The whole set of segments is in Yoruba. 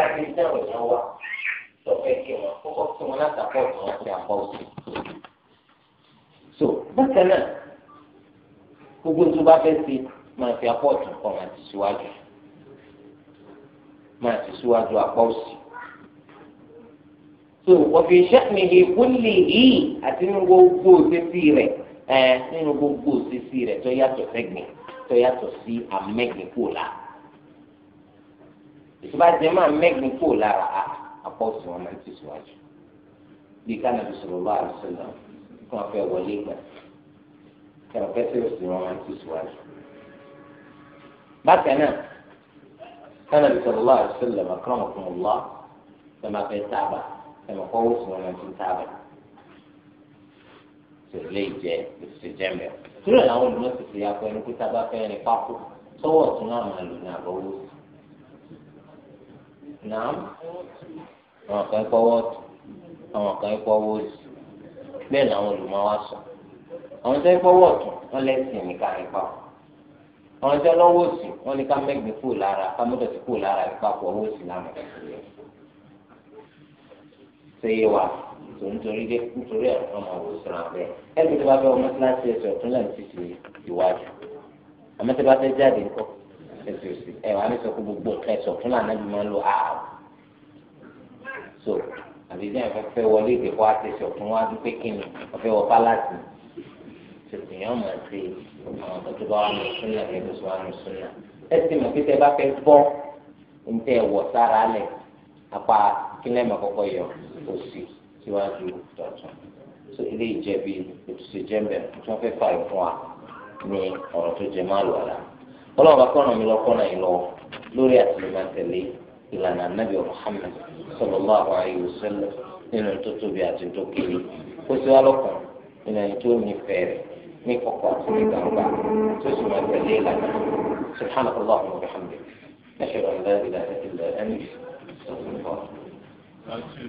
káàkiri tí àwọn èèyàn wà lọ́fẹ́ kí wọn kọ́kọ́ kí wọn látàkọ́ tí wọ́n ti àpọ̀ òsì. so bákan náà gbogbo tó bá fẹ́ ṣe máa fi apọ̀ ọ̀tún kan máa ti síwájú máa ti síwájú apọ̀ òsì. so wọ́fi ṣẹ́ni ìkúnlẹ̀ yìí àti nínú gbogbo òṣèṣì rẹ̀ ẹ̀ nínú gbogbo òṣèṣì rẹ̀ tó yàtọ̀ sẹ́gbìn tó yàtọ̀ sí amẹ́gbẹ̀kúlà ìtura jẹ máa mẹ́gbin kúrò lára apá òsì wọn máa ń tẹ̀síwájú bí kánàbí sọ̀rọ̀ bá àrùn sílẹ̀ kí wọ́n fẹ́ wọlé gbà kí wọ́n fẹ́ tẹ̀sí wọn máa ń tẹ̀síwájú. bákan náà kánàbí sọ̀rọ̀ bá àrùn sílẹ̀ máa kọ́ ọ̀kùn ọ̀lá ẹ̀ máa fẹ́ tábà ẹ̀ máa kọ́ òsì wọn máa ń tábà tẹ̀lé ìjẹ́ ìṣèjẹ́mẹ̀. tí nàám àwọn kan kọ́wọ́ tù àwọn kan kọ́wọ́ sí bẹ́ẹ̀ làwọn olùmọ̀ wa sọ àwọn tó ń kọ́wọ́ tù wọ́n lẹ́sìn ní káàrin pa àwọn tó lọ́wọ́ sí wọ́n ní ká mẹ́gbẹ̀ẹ́ kú lára ká mọ́tò sí kú lára ìpapọ̀ owó sí lánàá ṣe é wa tó nítorí dé nítorí ẹ̀rọ ọmọ òwò sọ̀rọ̀ abẹ́ ẹ̀rọ tó bá fẹ́ ọmọ kíláàsì ẹ̀sọ̀ tó lẹ́nu títí ìwájú àmọ́ tó bá fẹ́ jáde ńkọ́ ẹsẹsẹ ẹ wà ní sọkò gbogbo nǹkan ẹsọ fún lànà bí máa ń lo ààrùn so àbí bí wọn fẹ́ wọlé ìdè kó àtẹsọ fún wa bí pé kíni wọn fẹ́ wọ pálásì tètè yẹn mọ sí àwọn ọmọ tó bá wà ní súnà rẹ ló sọ wà ní súnà ẹ sì mọ pé tẹ bá fẹ́ bọ ń tẹ wọ sára lẹ apá kílẹ̀ mọ kọ́kọ́ yọ òsì síwájú tọ̀tún so ilé ìjẹbi ètùtù ìjẹmbẹ tí wọn fẹ́ fà ìfún wa ní ọ̀rọ̀ tó jẹ máa lọ ọlọ́run bá kọ́ràn mi lọ kọ́ràn yìí lọ lórí àtìlẹ́mà tẹ̀lé ìlànà anábì Muhammad àwọn alaihi sẹ́lẹ̀ nínú tó tóbi àti tó kéré kó sí wa lọ́kàn nínú ẹni tó nífẹ̀ẹ́ rẹ̀ ní kọ̀kọ̀ àti ní gbangba tó sì máa tẹ̀lé ìlànà subhanahu wa ta'ala wa bihamdihi nashhadu an la ẹ̀ illa anta astaghfiruka Thank you.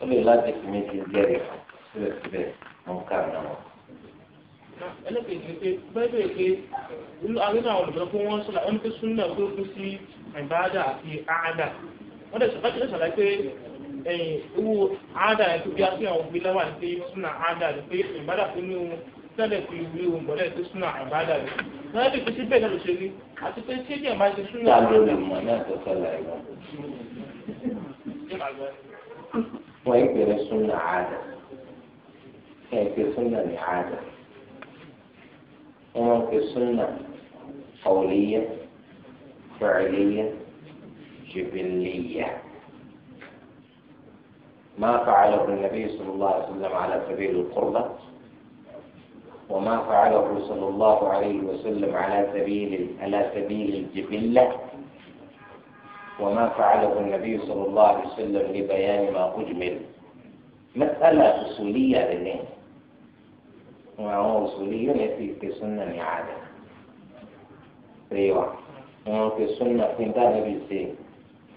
ó lè láti fi méjì jẹ́rìí síbẹ̀síbẹ̀ mú ká nà wọn. ẹlẹ́kẹ̀ẹ́ pé bẹ́ẹ̀ bẹ́ẹ̀ pé arínà àwọn olùdókòwò pé wọ́n sọ̀rọ̀ ẹni pé súnmọ́ pé ó kú sí ìbáàdà àti àádà wọ́n dẹ̀ sọ̀rọ̀ sọ̀rọ̀ pé owó àádà yẹn tó bí a fi àwọn òbí lọ́wọ́ àti súnà àádà rẹ̀ pé ìbáàdà tó ní ohun tẹ́lẹ̀ fi ìwé ohun gbọ́dọ̀ tó súnà àbáàdà rẹ̀ lọ́wọ́ bí pèsè bẹ́ẹ̀ náà ló ṣe rí àti pé tí èdè máa ṣe súnà àbáàdà rẹ̀. wọ́n ń pèrè súnà àádà ẹ̀ ń pè súnà ní àádà wọ́n ń pè ما فعله النبي صلى الله عليه وسلم على سبيل القربة وما فعله صلى الله عليه وسلم على سبيل على سبيل الجبلة وما فعله النبي صلى الله عليه وسلم لبيان ما أجمل مسألة أصولية لله وهو أصولية التي في سنة العادة أيوة wọn fi súnà fi ń dáná bí ṣe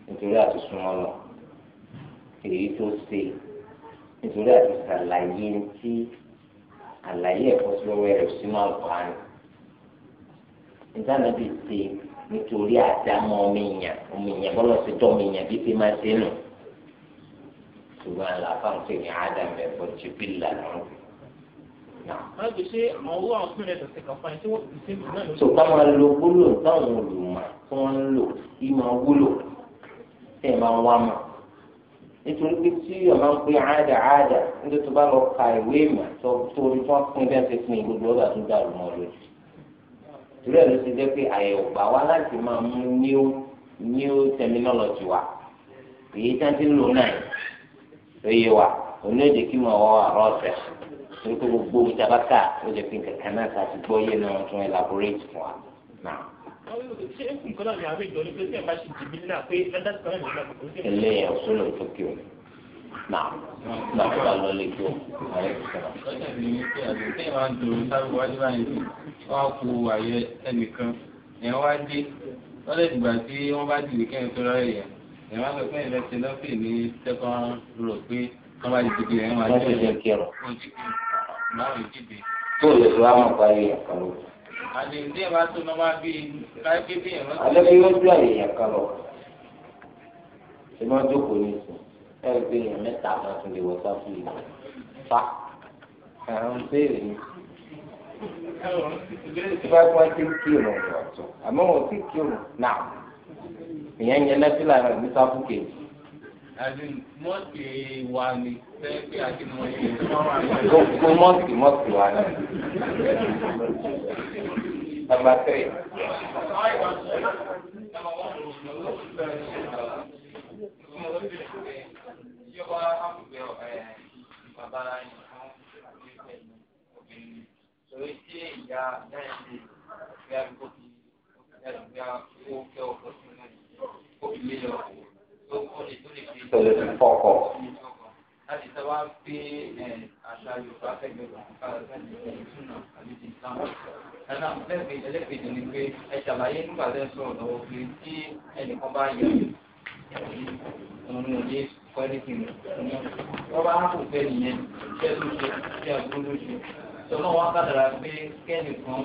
nítorí àti súnmọ́ lọ èyí tó ṣe nítorí àti ṣàlàyé ti àlàyé ẹ̀kọ́ sí wẹ́wẹ́ rẹ̀ sínú àlùkò àná ìdáná bí ṣe nítorí àdámọ́ ọmọnìyàn ọmọnìyàn bọ́lá ti tọ́ ọmọnìyàn bí ti máa ṣe nù. ṣùgbọ́n àlàáfáà ń pè ní ádámù ẹ̀fọ́ ti bí lànà. tó ká máa lo gbólóhùn táwọn olùmọ̀ tí wọ́n ń lò kí máa wúlò tẹ̀ máa wá mọ̀ nítorí pé tí ọmọ ń pín áádà áádà nítorí tó bá lọ ka ìwé ìmọ̀ tó orí tó ń pín bẹ́ẹ̀ ti pín gbogbo ọ̀dà tó mọ́ lójú torí ẹ̀ ló ti jẹ́ pé àyẹ̀wò gbà wá láti máa mú new new terminology wa èyí tí wọ́n ti ń lò náà ló yé wa òun yóò jẹ́ kí mo wọ àrọ́ ọ̀sẹ̀ torí pé gbogbo omi tabaka ó jẹ́ pé kankan náà ká ti gbọ́ yé náà tún elaborate fún wa náà. Ilé ọ̀ṣun ló tó kí o. Náà gbàgbà lọ lè tó ààrẹ sọ̀rọ̀. lọ́jà mi ní pé àti tí ìwà ń dòrò sáré wájú báyìí sí wọ́n á kó àyẹ ẹnìkan ẹ̀ wá dé lọ́dẹ̀ ìgbà tí wọ́n bá dìde kẹ́yìn tó rárẹ̀ yẹn ẹ̀ wá sọ pé ìrẹsì lọ́pẹ̀ ní second row pé wọ́n bá dìde ẹ̀ wá dé ẹ̀ báwo dìde. tó o lè fi wá mọ̀ parí ẹ̀ka lọ. àlè ìdí ẹ̀ bá tó lọ́ máa bí láìpẹ́ bí ẹ̀rọ. alẹ́ bí wọ́n dún àyè ẹ̀ka lọ. ṣé máa jókòó ní ìsìn ẹ̀rù pé èèyàn mẹ́ta máa tún lè wọ sáfù yìí fa àwọn béèrè ni. ìfẹ́ fún ẹtí ń kí òun ọ̀tọ̀ àmọ́ wọn ti kí òun náà ìyẹn yẹn lẹ́fílà rẹ̀ ní sáfù kejì. mọ́ọ̀sì wa ni pé àti mọ̀ ẹ́ gbogbo mọ́ọ̀sì mọ́ọ̀sì wa ni. Number three. Thank you ọkọ akùgbẹ ẹ bàbá yìí àti ìfẹ̀yìn obìnrin sọ̀rọ̀ tí ìyá náà fi àdúgbò fi ẹ̀dùnmíà owó fẹ́ ọkọ̀ sí náà kó fi lé lọ tó kọ́ lè tó lè fi tọ̀lẹ̀ fi fọ́kọ̀. láti sábà pé àṣà yorùbá fẹ́gbẹ́ bàbá fẹ́gbẹ́ ìtúnà àbí ti sàn. ẹnà fẹ́gbẹ́ ẹlẹ́gbẹ̀ẹ́ ni pé ẹ ṣàlàyé nígbà tẹ́ sọ̀rọ̀ lọ́wọ́ pé tí ẹnìkan bá yẹ ọ̀run òye pẹ̀lú kìnnì wọ́n bá kò fẹ́ nìyẹn iṣẹ́ tó ṣe iṣẹ́ àbúrò ló ṣe tọ́nà wọn kàdàrà pé kẹ́ẹ̀nì kan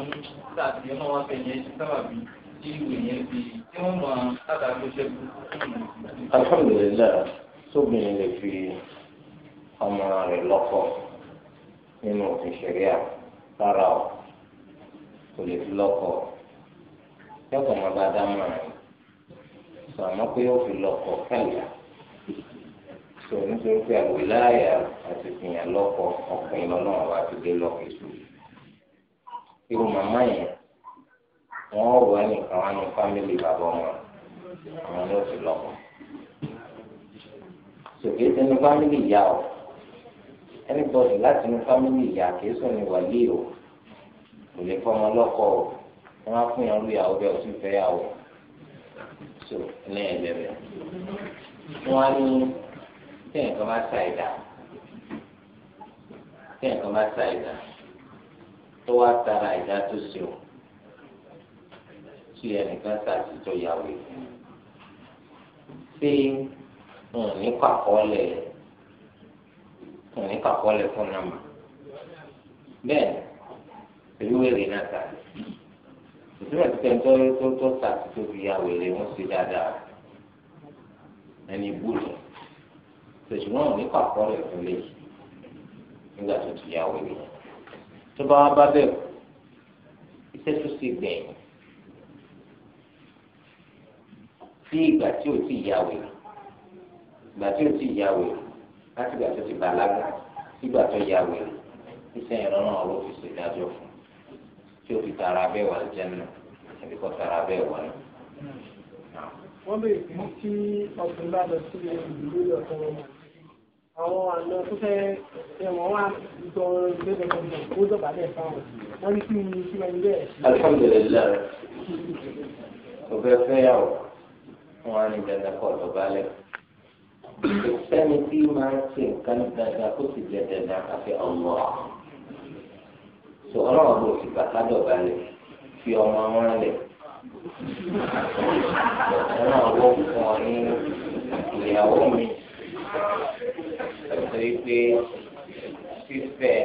tàbí ọ̀nà wọn fẹ́ yẹn sábàbí tí ìwé yẹn fi tí wọ́n mọ kàdàrà ṣe kú. alhamdulilayi tóbìnrin lè fi ọmọ rẹ̀ lọ́kọ nínú òfin ṣẹ̀ríà rárá o kò lè fi lọ́kọ yọkọ ọmọ bá dá mọ rẹ sọ àmọ́ pé ó fi lọ́kọ kẹlẹ tó nítorí pé àwòláyà àti fìyàn lọ́kọ ọkùnrin lọ́nà àwọn àtúndé lọ́kọ̀ èso irú màmá yẹn wọ́n wọ ẹnìkan wá ní fámìlì bàbá ọmọ àwọn ni ó ti lọ́kọ sòkè tí ní fámìlì ìyá o ẹnìbọdì láti ní fámìlì ìyá kìí sùn ní wàlí o kò lè fọmọ lọ́kọ o wọ́n á fún yàn lóyàwó bẹ́ẹ̀ ó sì fẹ́ yàwó so ní ẹ̀bẹ̀rẹ̀ wọ́n á ní tí nǹkan bá ta ìdá tí nǹkan bá ta ìdá tó wá tara ìdá tó ṣe o tí ẹnìkan ta sí tó yà wò ṣé òní kàkọ́lẹ̀ òní kàkọ́lẹ̀ fún nàmà bẹ́ẹ̀ pẹ̀lú èrè náà ta ìtura ti tẹ̀ ń tó tó fi yà wò wọ́n ṣe dáadáa ẹni bú ṣùgbọ́n òní pàpọ̀ rẹ̀ fún lé nígbà tó ti yá wẹ̀lẹ̀ tó bá wá bá bẹ̀rù iṣẹ́ tó sì gbẹ̀yìn sí ìgbà tí ò ti yá wẹ̀lẹ̀ ìgbà tí ò ti yá wẹ̀lẹ̀ láti ìgbà tó ti bàlágà sígbà tó yá wẹ̀lẹ̀ iṣẹ́ yẹn lọ́nà ọ̀rọ̀ fi ṣèdájọ́ fún tí ó fi tara bẹ́ẹ̀ wà jẹ́ náà ẹ̀bí kọ́ tara bẹ́ẹ̀ wà náà. wọ́n lè mú kí ọkùnrin bá lọ sí ìlú lọ́sọ̀rọ̀ náà àwọn àlọ́ tó fẹ́ ẹ̀wọ̀n wá jọ ìgbésẹ̀ tó dọ̀bà bẹ́ẹ̀ fáwọn wọ́n ní kí ni kí wọ́n bẹ́ẹ̀. alhamdulilayi kò fẹ́ fẹ́yàwó sọ pé fífẹ́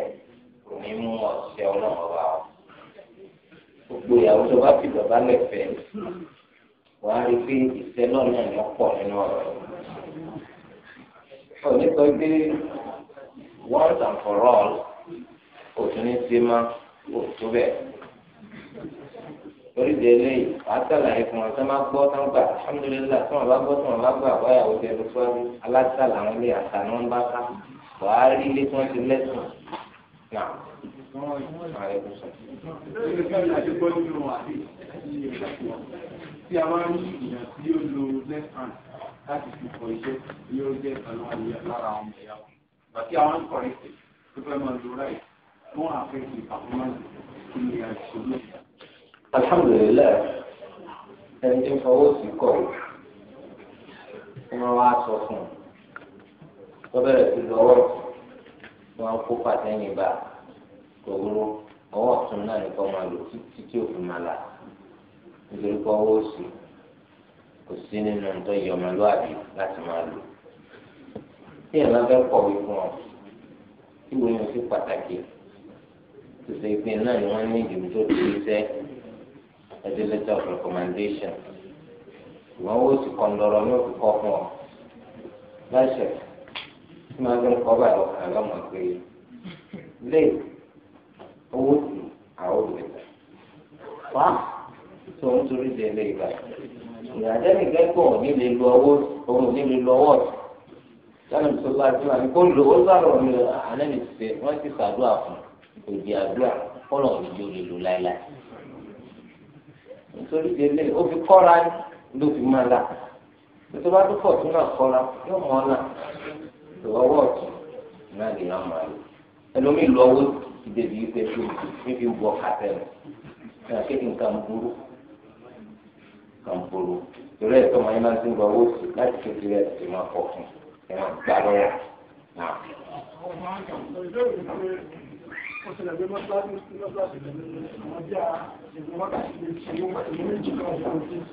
kò ní mú ọ̀sẹ̀ ọlọ́run wá o gbogbo ìyàwó tó bá fi bàbá lẹ́fẹ̀ẹ́ wà á rí i pé ìfẹ́ náà náà ní ọ̀pọ̀ nínú ọ̀rọ̀ ọ̀ nípa pé once and for all kò tún ní sí máa kò tó bẹ́ẹ̀ torí de eléyìí wàá sàlàyé fún wọn sọ́mà gbọ́ sọ́mà gbà alhamdulilayi sọ́mà bá gbọ́ sọ́mà bá gbà wáyà ó tẹ̀lé síwájú aláṣà làwọn ilé àṣà ni wọ́n bá ká wàá rí ilé tí wọ́n ti lẹ́sùn náà. Tí a máa ń ní ìyàn tí yóò lo left hand láti fi kọ iṣẹ́ yóò jẹ́ ìtàn àyè lára àwọn ẹ̀yà. Bàtí àwọn ń kọ̀rẹ́tì tó fẹ́ máa lo right fún àfẹ́sì àfọ́mọ́sì kí ni àìsàn lóṣìṣẹ́ alhamdulilayi ẹni tí ń fọwọ́ sí kọ̀ wọ́n wá sọ fún un wọ́n bẹ̀rẹ̀ sí lọ́wọ́ wọn kó pàtẹ́yìn bá gbogbo ọwọ́ ọ̀tún náà nìkan máa lò títí tí òfin máa là nítorí pé ọwọ́ òsì kò sí nínú nǹkan yìí ọmọlúwàbí láti máa lò tí ẹ̀ máa fẹ́ kọ̀wé fún ọ tí wọ́n yàn sí pàtàkì tòṣe náà ni wọ́n ní ìdìbò tó ti ẹdí letter of recommendation ìwọ́n ó sì kàn lọ́rọ̀ ní òkú kọ́ fún ọ láṣẹ tí màá gbé nǹkan báyìí ọkàn lọ́mọ pé lè owó sí àwọn òbẹ̀tà wá tó ń torí de ilé ìgbà ìyàjẹ́ nìkan kò ní lè lo ọwọ́ òun ní lè lo ọwọ́ sani bisola ti wà kó lo ó sọ̀rọ̀ ní àná ní wọ́n ti ṣàdúrà fún òdì àdúrà kọ́nà òdìjọ́ lè lo láéláé nítorí délé ó fi kọ́ra ló fi máa là tó bá tó pọ̀ tó náà kọ́ra yóò mọ́ náà tó ọwọ́ ọ̀tún náà lè yàn máa lò ẹlòmíì lọ owó ti dèbí ipe tó níbi ń bọ kàtẹ́ rẹ̀ ní akéde nǹkan burú nǹkan burú torí ẹ̀ tọ́mọ yín máa ń ti ń owó sí láti kékeré ẹ̀ ti máa kọ̀ fún ẹ̀ máa gbá lọ́wọ́ náà ó àwọn bí a ṣègùn wákàtí sí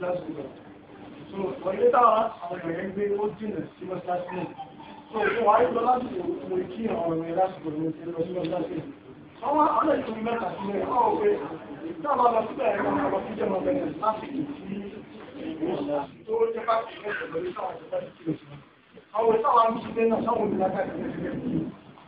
láti lọ. so ọ̀yẹ́ táwa àwọn èèyàn ń gbé jìnà sí mọ́ṣáláṣí so fún wa lọ láti mo kí àwọn ọmọ yẹn láti bọ̀dọ̀ mo ti lọ sí mọ́ṣáláṣí. àwọn àwọn ìṣòro mẹ́ta sí mẹ́rin wọ́n wò pé táwa lọ síbẹ̀ ẹ̀rọ ọmọ tó jẹ́ ọmọ bẹ̀rẹ̀ lásìkò sí ìgbésà tó jẹ́ ká fi ẹ̀sẹ̀ lórí táwọn ìṣẹ̀lẹ̀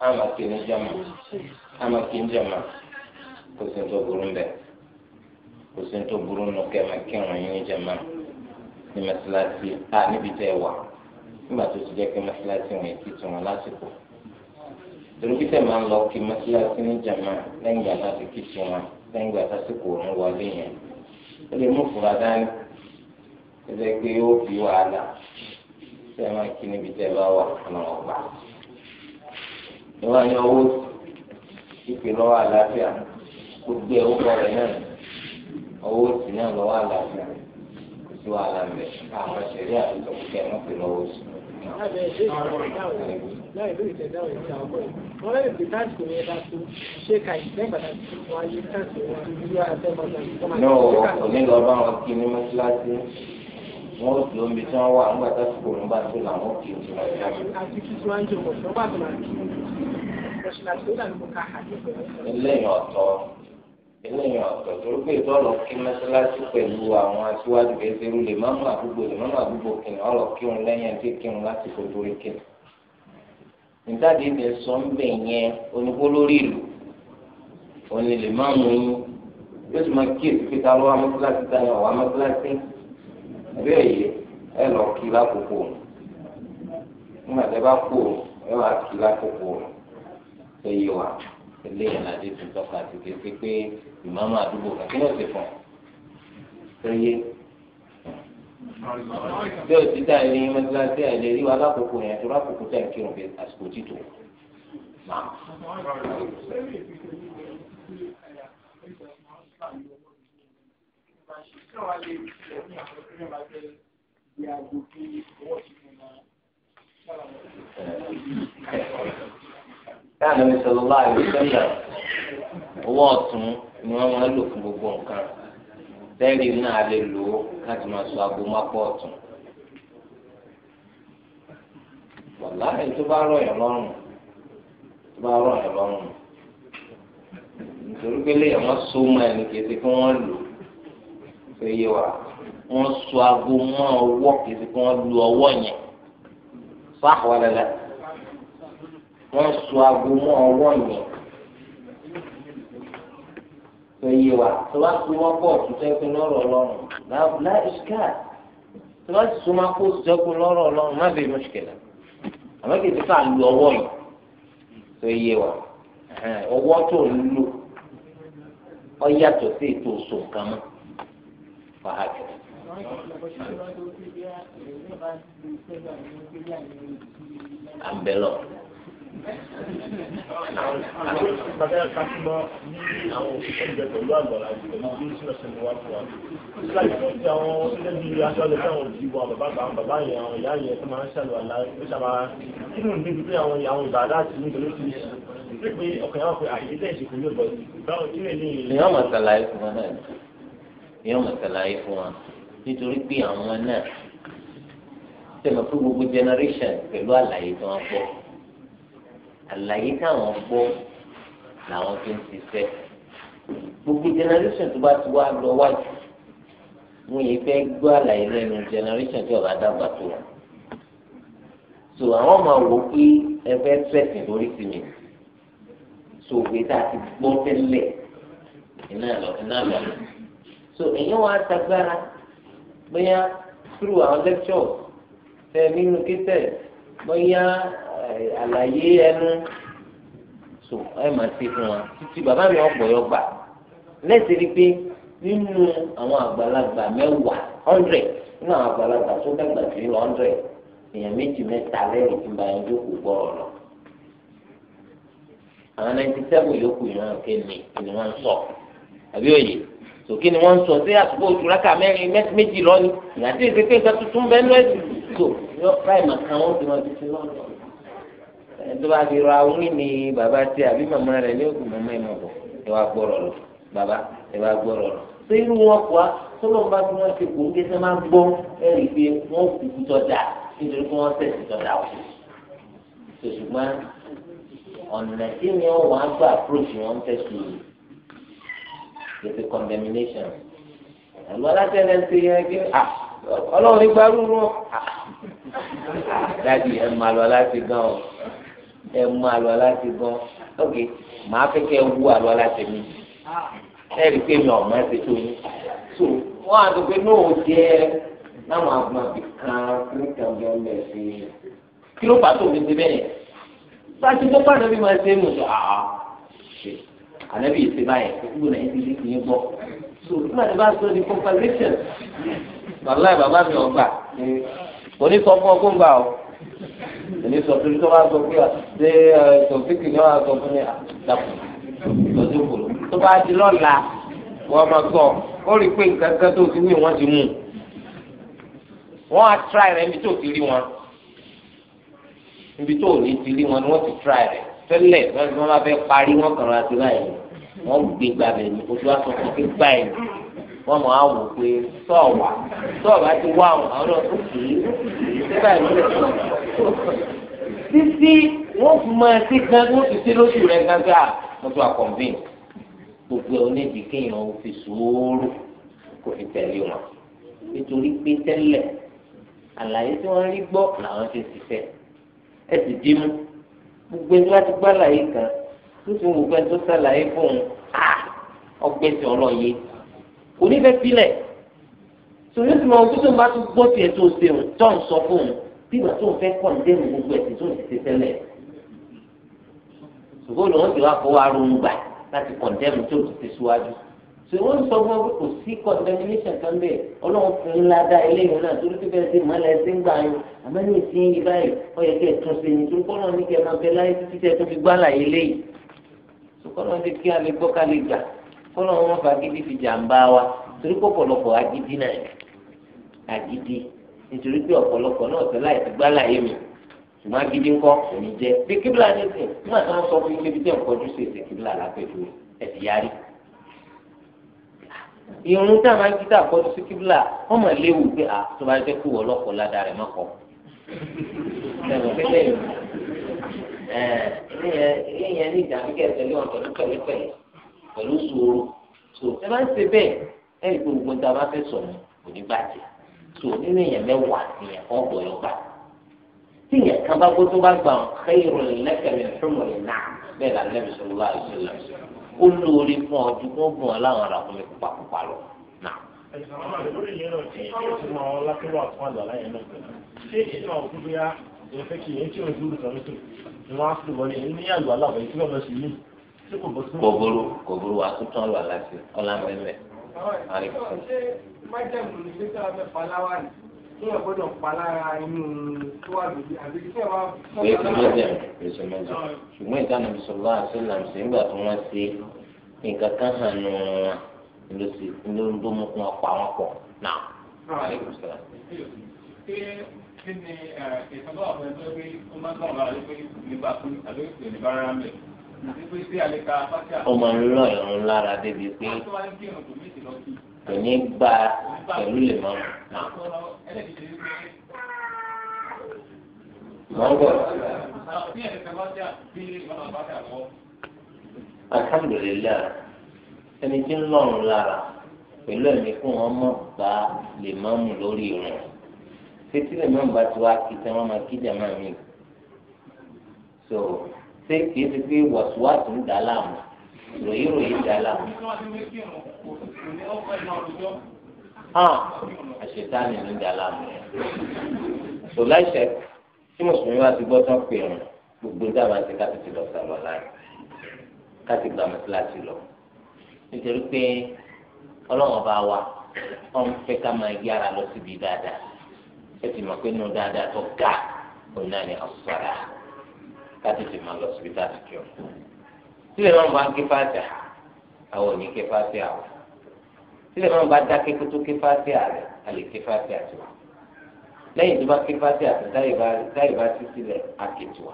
ama kì ní jama ama kì ní jama kò sí tó burú ń bẹ kò sí tó burú nù kẹmà kẹwọn yín jama ní mẹsàlásì a níbi tẹ wà nígbà tó ti jẹ pé mẹsàlásì wọn ti tún wọn lásìkò dorokítẹ máa ń lọ kí mẹsàlásì ní jama lẹ́yìn ìgbà láti kí tún wọn lẹ́yìn ìgbà lásìkò òun wọlé yẹn ó lè mú fura dání ó jẹ pé ó bí wàhálà tẹ máa kí níbi tẹ bá wà ọ̀nà ọ̀gbà ìwọ ni owó ìpè lọ́wọ́ àlàáfíà gbogbo ẹ̀ ọkọ rẹ̀ náà owó tì náà lọ́wọ́ àlàáfíà kò sí wàhálà mẹ́ àwọn ṣẹ̀rí àtúntò kẹ́ ẹ̀ mọ́pẹ́ lọ́wọ́ sí. Láì lórí ìtẹ̀dá òye ti àwọn ọmọ yìí. Wọ́n lè fi táàsì yẹn bá tó ṣé ka ìtẹ́gbà láti fún ayé táàsì wọn ní ìlú àtẹ́gbọ̀n náà. Ní òwò kò ní lọ bá wọn kí ní mọ́ṣáláṣí wọn ò tó omi tí wọ́n wà nígbà tó kò ń bá tó làwọn kì í tó lọ eléyìí ọ̀tọ̀ eléyìí ọ̀tọ̀ torí pé ìtọ́lọ̀ kí mẹ́sálásí pẹ̀lú àwọn aṣíwájú ẹ̀ẹ́dẹ́rú lè má mú àdúgbò lè má mú àdúgbò kìnnì ọ̀rọ̀ kírun lẹ́yìn ẹ̀dẹ́ kírun láti fojú rí kìnnì. nígbàdí ìdè sọ ń bẹ̀ yẹn onígbó lórí ìlú òní lè má mú yín yóò ti máa kíyèsí pé ta ló wá mẹ́sálásí ta ni ọ̀wá mẹ́sálásí bẹ́ẹ̀ yẹ ẹ lọ kí lákòókò nígbà tẹ bá kú ẹ wá kí lákòókò tó yé wa ilé ìyànà àti ìtúntọ́ka ti kéke pé ìmáàmù àdúgbò kan kí ló ti fún ọ tó yé bí o ti dá ilé yín mọ́tíláṣí àìlè rí wa lákòókò yẹn tó lákòókò tẹ̀ ń kírun bí àsìkò títò náà. Thank you táwọn Ànábì sallallahu alaihi wasallam owó ọ̀tún ni wọ́n máa ń lò fún gbogbo nǹkan bẹ́ẹ̀rì náà lè lò ó láti máa sọ aago mápọ̀ ọ̀tún. wàlá ẹni tó bá rọ̀ yẹn lọ́rùn tó bá rọ̀ yẹn lọ́rùn nítorí pé lèèyàn wọ́n so mọ́ ẹni kété kí wọ́n lò ṣe yé wa wọ́n so aago mọ́ ọwọ́ kété kí wọ́n lu ọwọ́ yẹn fáwọn lẹ́lẹ́ wọ́n so aago mọ́ ọwọ́ yẹn tó yé wa tó bá so wọ́n pọ̀ tó sẹ́kùn lọ́rọ̀ ọlọ́run láì ṣíkà tó bá so wọ́n pọ̀ tó sẹ́kùn lọ́rọ̀ ọlọ́run má bẹ̀rẹ̀ mọ́ṣíkẹ̀lá àmọ́ kì í ti fà lu ọwọ́ yẹn tó wa ọwọ́ tó ń lò sí ètò òṣò nǹkan mọ́ fàájì. àbẹ̀lọ̀. Bàbá Kásímọ́ ní àwọn òṣìṣẹ́ ìjẹ pẹ̀lú àgbàlá ìjọba ní bí sílẹ̀ sẹ́nu wá fún wa. Láì fún ti àwọn ilé bí aṣọ àlẹ́ fún àwọn òbí wa bàbá bá bàbá yẹn máa ń fún wọn náà. Ìyá màsàlàyé fún wọn nítorí pé àwọn náà tẹ̀mọ̀ fún gbogbo generation pẹ̀lú àlàyé tí wọ́n gbọ́ àlàyé táwọn gbọ́ làwọn fi ń ṣiṣẹ́ gbogbo generation tó bá ti wá lọ wájú wọn yìí fẹ́ gbọ́ àlàyé lẹ́nu generation tí ọba dàgbà tó wọn so àwọn ọmọ wò pé ẹ fẹ́ tẹ̀sìn lórí sí mi so òwe tá a ti gbọ́ tẹ́lẹ̀ iná lọ iná lọ so èyàn wà tagbára bóyá through àwọn lectures tẹ nínú kíntẹ̀ bóyá àlàyé ẹnu so ẹ máa ṣe fún wa títí bàbá mi ọ̀pọ̀ yọ gbà lẹ́sẹ̀ rí pé nínú àwọn àgbàlagbà mẹ́wàá hundred nínú àwọn àgbàlagbà tó dàgbà sí hundred èèyàn méjì mẹ́ta lẹ́yìn tí ń bá yẹn jókòó gbọ́ ọ̀rọ̀ àwọn ninety seven yòókù ìran kéènì ni wọ́n ń sọ àbí òye so kí ni wọ́n ń sọ sí àsìkò òtúrákà mẹ́rin méjì lọ́ni ìyàtí ìdíkẹ́ nǹkan tuntun bẹ́ẹ̀ lọ́ẹ̀sì so yọ prime account wọn ti fi lọ́dọ̀ tó bá fi ra wí ni bàbá tí àbí màmá rẹ ní òkú màmá ẹ mọ bọ ẹ wá gbọ́rọ̀ lọ bàbá ẹ wá gbọ́rọ̀ lọ. tó irú wọn pa tọ́lọ́ bá fi wọ́n ṣe kò ń gé sẹ́ máa gbọ́ ẹ rí i pé wọ́n kúkú tọ́jà nítorí pé wọ́n tẹ̀sí tọ́jà wọ̀. ṣùgbọ́n ọ̀nà tí ni wọ́n wá gbà approach wọn tẹ̀sí ètò condemnation. àlọ́ alátẹ̀lẹ̀ ń ṣe yẹn kí ọlọ́run ní gbarú rú dájú ẹ̀ máa lọ láti gan ọ́ ẹ mú àlọ́ láti gan ok màá fẹ́ kẹ́ wú àlọ́ láti mi ẹ rí i pé mi ò má ṣe tó yín so wọ́n á sọ pé náà ó jẹ́ láwọn agbọ̀nbí kan fún ìtàgbẹ́ ọ̀lẹ̀ sí i kí ló bá tó fi ṣe bẹ́ẹ̀ bá a ti gbọ́ pàdánù bí máa ṣe é mú sọ àá ah, ṣe ànábì yìí ṣe báyìí kúrò náà ẹni tí kìí gbọ́ so nígbà tí bá sọ di conversation wàláì bàbá mi ọgbà kò ní sọ fún ọgbọ́n gbà o èmi sọ pé tó bá sọ pé ṣé tòfíkì ni wọn sọ fún mi àtàkùn lọ́jọ́ kò tó bá di lọ́la wọ́n máa sọ ó rí i pé nǹkan kan tó ti wí wọ́n ti mú wọ́n á tíráì rẹ̀ níbi tó ti rí wọn níbi tó ní ti rí wọn ni wọ́n ti tíráì rẹ̀ tẹ́lẹ̀ wọ́n bá fẹ́ parí wọ́n kàn án sí báyìí wọ́n gbé gbàgbẹ́ ní ojú àtọ̀tọ̀ gbé gbà yìí wọ́n mọ̀ á wò pé sọ̀wà sọ̀wà ti wá àwọn àwọn tó kì í nígbà ìlú títí wọ́n fún máa sí gan wọ́n ti lóṣù rẹ̀ gángan wọ́n tún àkọ́nbìn gbogbo ẹ̀ onídìí kéèyàn ó fi sùúrù kó fi tẹ̀lé wọn nítorí pé tẹ́lẹ̀ àlàyé tí wọ́n rí gbọ́ làwọn ti ṣiṣẹ́ ẹ sì dí mú gbogbo ẹni láti gbọ́ àlàyé kan tó ti wù pé tó ṣàlàyé fóun ọgbẹ́sẹ̀ ọlọ́yẹ kò ní fẹ́ filẹ̀ sòrí tí wọn gbọ́dọ̀ bá tún gbọ́ tiẹ̀ tó ṣe òun tó ń sọ fún un bí wọn tó ń fẹ́ kọ́ ní dẹ́nu gbogbo ẹ̀sìn tó ń ti ṣe tẹ́lẹ̀ ṣùgbọ́n lòun ti wá fọwọ́ arúgbó gbà láti kọ̀ndẹ́mù tó ti ṣe síwájú ṣé wọ́n sọ fún ọ kò sí condemnation kan bẹ́ẹ̀ ọlọ́run fún yín ládàá eléyìí náà torí pé bẹ́ẹ̀ ṣe mọ́lẹ̀ ṣe ń gbà yín àmọ́ ní ìsín yìí báyìí ó yẹ kẹ́ ẹ̀ tún ṣe ní torí kọ́ náà ní kẹ́ ẹ máa bẹ láyé títí tẹ́ tó fi gbá láyé léyìí ṣùgbọ́n náà a lè gbọ́ gbà kọ́nà wọn fà gidi fi jàǹbá wa torí pé ọ̀pọ̀lọpọ̀ agidi náà agidi nítorí pé ọ̀pọ̀lọpọ̀ náà tẹ láì ti gbálà yé mi ṣùgbọ́n agidi ńkọ́ kò ní jẹ́ bí kíbla ní sìn nígbà tí wọ́n sọ fún ibi tí nǹkan ojú sí ètè kíbla lápẹ̀jù ẹ̀sìn yarí. irun tá a máa ń kí tá a kọjú sí kíbla wọ́n mọ̀ léwu pé à tó bá jẹ́ kó wọ́lọ́kọ̀ ládàá rẹ̀ mọ́kọ ẹ̀ẹ́dẹ́yẹn ní ìdàgbẹ́kẹ̀ tẹ̀lé ọ̀tọ̀ ní pẹ̀lẹ́pẹ̀lẹ́ pẹ̀lú sùúrù so ẹ bá ń ṣe bẹ́ẹ̀ ẹ rí i pé gbogbo níta bá fẹ́ sọ̀rọ̀ kò ní bàjẹ́ so nínú èèyàn mẹ́wàá èèyàn kan gbọ̀ yọ gbà tí èèyàn kan bá gbó tó bá gbà xeyìrò lẹ́kẹ̀rẹ̀ fúnmọ̀lẹ̀ náà bẹ́ẹ̀ la lẹ́bi sọ̀rọ̀ láàyè sọ̀rọ̀ ó lóore fún ọ ju kó gùn ọ láwọn ará fún mi pupapupa lọ náà. ṣé ìṣúná òkú bí wá ìfẹ́ kì í ẹ̀ tí ò ń dúró sọ̀rọ̀ tó kò burú kò burú wa kó tán lọ aláṣẹ ọlá mẹlẹ. ṣé májèmù ní sísè abẹ paláwa ni kí ẹ gbọ́dọ̀ palára inú tó wà lórí àbí kí ẹ wá. èso méjèèmù èso méjèèmù ṣùgbọ́n ìtànà bisalòlá àti làmùsí nígbà tó wọ́n ṣe nǹkan kan hàn nù wọn ló ń bó mú kún ọ̀pá wọn pọ̀ náà. ṣé kí ni ìtàn tó wà fún ẹ tó yẹ pé ó máa ń bá ọ̀rọ̀ àdéhùn nígbà mẹ́rin? ọmọ ńlọ ìrún lára débi pé kò ní gba pẹ̀lú lè mọ́ náà. mọ́ngọ̀. alhamdulilayi ẹni tí ń lọ́rùn lára pẹ̀lú ẹ̀mí fún wọn mọ̀ bá lè mọ́ mu lórí ìrún fetí lè mọ́ bá tiwa kí tẹ́ wọ́n máa kí jàmáà mi. so ṣé kìí ti fi wàsíwàsí ń dà láàmú ròyìn ròyìn dà láàmú. hàn àṣetá ni ń dà láàmú yẹn. sọ láìṣẹ tí mùsùlùmí wa ti gbọ́ tán pè rìn gbogbo dábàá ti káti ti lọ sàlọ̀ láì káti gbà mọ́tíláṣí lọ. nítorí pé ọlọ́run bá wa wọ́n fẹ́ ká máa yára lọ síbi dáadáa ẹ ti mọ̀ pé nù dáadáa tó ga òun náà ni ọ̀sọ̀rọ̀ káti ti máa lọ síbi táti kí ọ. sílẹ̀ máa ń bá ké fáṣẹ̀ àwọn òní ké fáṣẹ̀ àwọn. sílẹ̀ máa ń bá dáké kótó ké fáṣẹ̀ àrẹ àlè ké fáṣẹ̀ àtiwá. lẹ́yìn tó bá ké fáṣẹ̀ àti táyì bá sí sílẹ̀ àkètùwà.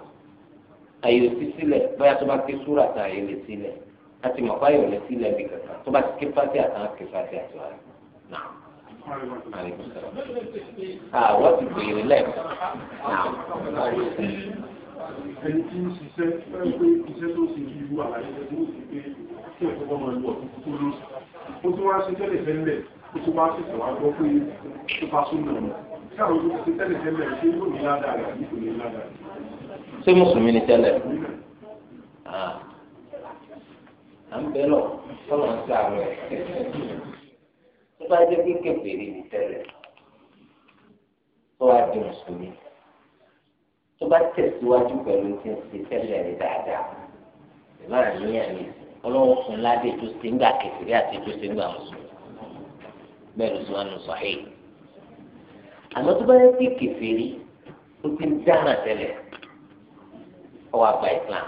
àyè ò sí sílẹ̀ bóyá tó bá ké súrà tán àyè lè sílẹ̀ láti mọ̀ báyọ̀ ò lè sílẹ̀ bí kankan tó bá ti ké fáṣẹ̀ àtàn ké fáṣẹ̀ àtiwá náà. Àwọn ti pè é lẹ́ẹ̀kan ẹni tí ń ṣiṣẹ́ pé iṣẹ́ tó ṣe kí irú àlàyé tó ṣe pé kí ẹ̀kọ́ bọ́ máa lọ ọ̀tún tó lọ ó tún wá ṣe tẹ́lẹ̀ tẹ́lẹ̀ ó tún wá ṣẹ̀ṣẹ̀ wá gbọ́ pé ó bá sún náà káwọn tó ṣe tẹ́lẹ̀ tẹ́lẹ̀ ṣe yóò ní ládàá rẹ̀ àbí kò ní ládàá rẹ̀. ṣé mùsùlùmí ni tẹ́lẹ̀ à ń bẹ lọ sọ́nà ń sá rẹ̀ tó bá jẹ́ kékeré ni tẹ́lẹ̀ tó wá di mùsùlùmí tó bá tẹ̀síwájú pẹ̀lú tí ń ṣe tẹ́lẹ̀ rẹ̀ dáadáa ìmọ̀ àníyàn ni ọlọ́wọ́ fún ládé tó ṣe ń gbà kẹfìrí àti tó ṣe ń gbà mùsùlùmí bẹ́ẹ̀ ló sọ wọn nù sọ̀hìn. àmọ́ tó bá yẹ kí kẹfìrí ó ti ń dáhà tẹ́lẹ̀ ọwọ́ àgbà Islam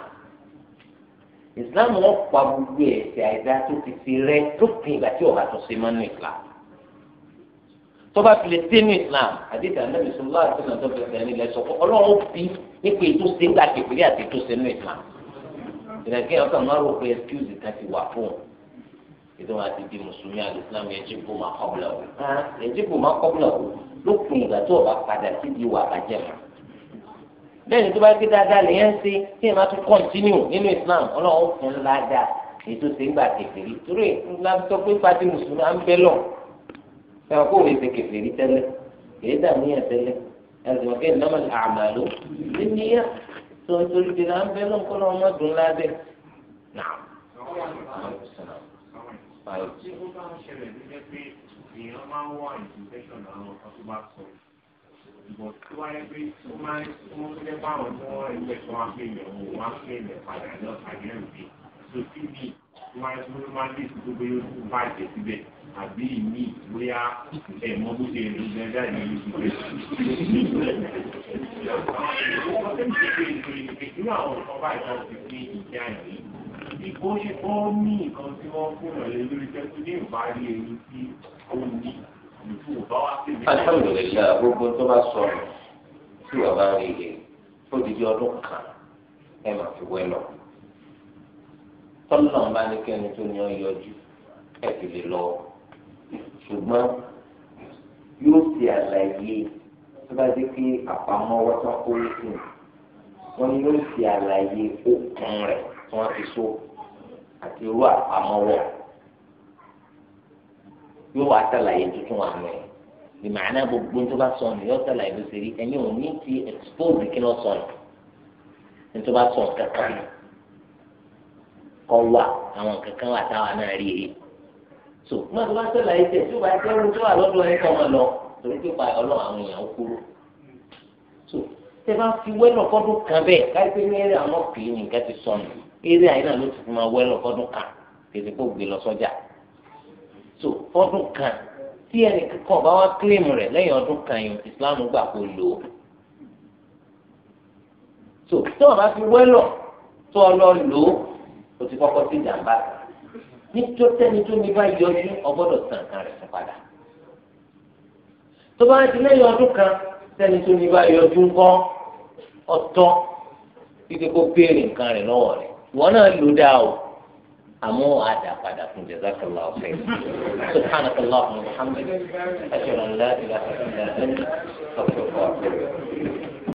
Islam wọn pa gbogbo ẹ̀sẹ̀ àìdá tó ti fi rẹ tó pin ìgbà tí ọba tó ṣe mọ́nú Islam tọ́ba tilẹ̀ sí ní islam àdìsí ànábì sọlá àti nàìjọ fẹsẹ̀ ní ilẹ̀ sọ̀kọ́ ọlọ́run fi nípa ètò ṣe gba kékeré àti ètò ṣe ní islam ìrẹ̀kí yẹn kàn máa rò pé excuse kan ti wà fún un wọn àti di mùsùlùmí àlùsílámù ẹ̀jìbù máa kọ́bùlà o ẹ̀jìbù máa kọ́bùlà o lópin ìgbà tó o bá padà sí di ìwà àbájẹ́ mọ́ bẹ́ẹ̀ni tó bá gbé dáadáa lè yẹn ṣe tí ẹ máa tún kọ́ntínú nínú islam ọlọ́run fún ládàá ètò ṣe ń gbà kékeré torí ìlànà sọ pé fẹ́ wọn kó wọ́n ṣe kẹfẹ́ rí tẹ́lẹ̀ kìí dà níyà tẹ́lẹ̀ ẹ̀sìn wọn kẹ́ ìnáwó àmàlú níníyà tó ń torí ti náà ń bẹ́ ló ń kọ́ lọ́wọ́ lábẹ́ náà. Tí wáyé pé ó máa ń tó ń bá àwọn tó ẹgbẹ́ tó wá pé ilẹ̀ òun wá pé ilẹ̀ padà náà àgẹ́rù bíi. Sòtí bíi máa ń tó máa ń lè tó bàjẹ́ síbẹ̀ àbí ìmí bóyá ẹ̀ mọ bó ṣe rí gbẹ́dá ní ìṣúlẹ̀. ìdúró àwọn nǹkan báyìí kan ti fi ìjà yìí ìkó ṣe ó ní nǹkan tí wọ́n fún ìrọ̀lẹ́ lórí tẹ́kù ní ìparí ẹni tí ó ní ìlú ọba wá sí mi. alhamdulilayi gbogbo tó bá sọ̀rọ̀ tí wàá bá rí rè ó di bí ọdún kan ẹ máa fi wẹ́ lọ tọ́lọ́ bá ní kẹ́ni tó ní ọ yọjú ẹ fi lè lọ ṣùgbọ́n yóò ṣe àlàyé tó bá dé pé àpamọ́ wọ́tá kó lókun wọ́n yóò ṣe àlàyé okùn rẹ̀ tí wọ́n ti so àti irú àpamọ́wọ́ yóò wá ṣàlàyé tuntun wà nù ẹ̀ ìmọ̀ràn gbogbo tó bá sọnù yóò ṣàlàyé bó ṣe rí ẹni ò ní ti expose kí ló sọnù ní tó bá sọnù kankan kọ́ wà àwọn kankan wà táwa náà rí èyí so má tó bá sẹ́là yìí tẹ̀ tí ó bá jẹ́ ohun tó wà lọ́dọ̀ ẹ̀ kọ́ máa lọ torí pé pa ọlọ́run àwọn èèyàn kúrò so tẹ bá fi wẹ́lọ̀ fọ́dún kan bẹ́ẹ̀ káyọ̀ pé ní eré àwọn kìí ní nǹkan ti sọnù eré àyínà ló ti fi máa wẹ́lọ̀ fọ́dún kan kìí kó gbé lọ sọ́jà so fọ́dún kan tí ẹnì kankan bá wá kílíìmù rẹ̀ lẹ́yìn ọdún kan yìí ìsìláàmù gbà kó lò ó so tí wọ́n bá fi wẹ́lọ̀ tó ọ lọ lò ó o ti kọ́kọ́ sí ìjàmbá rẹ̀ nítòtẹ́ni tó ní bá yọjú ọgbọ́dọ̀ tàn kan rẹ̀ fún padà tó bá ti lẹ́yìn ọdún kan tẹ́ni tó ní bá yọjú ńkọ́ ọ̀tọ̀ títí kó béèrè nǹkan rẹ̀ lọ́wọ́ rẹ̀ ìwọ náà lò dáa o àmọ́ àdá padà fún jẹ́sàkàlá ọ̀fẹ́ sọ̀tánàkàlá ọ̀hún ọ̀hún ṣẹlẹ̀ ńlá ìlàkàlá ẹ̀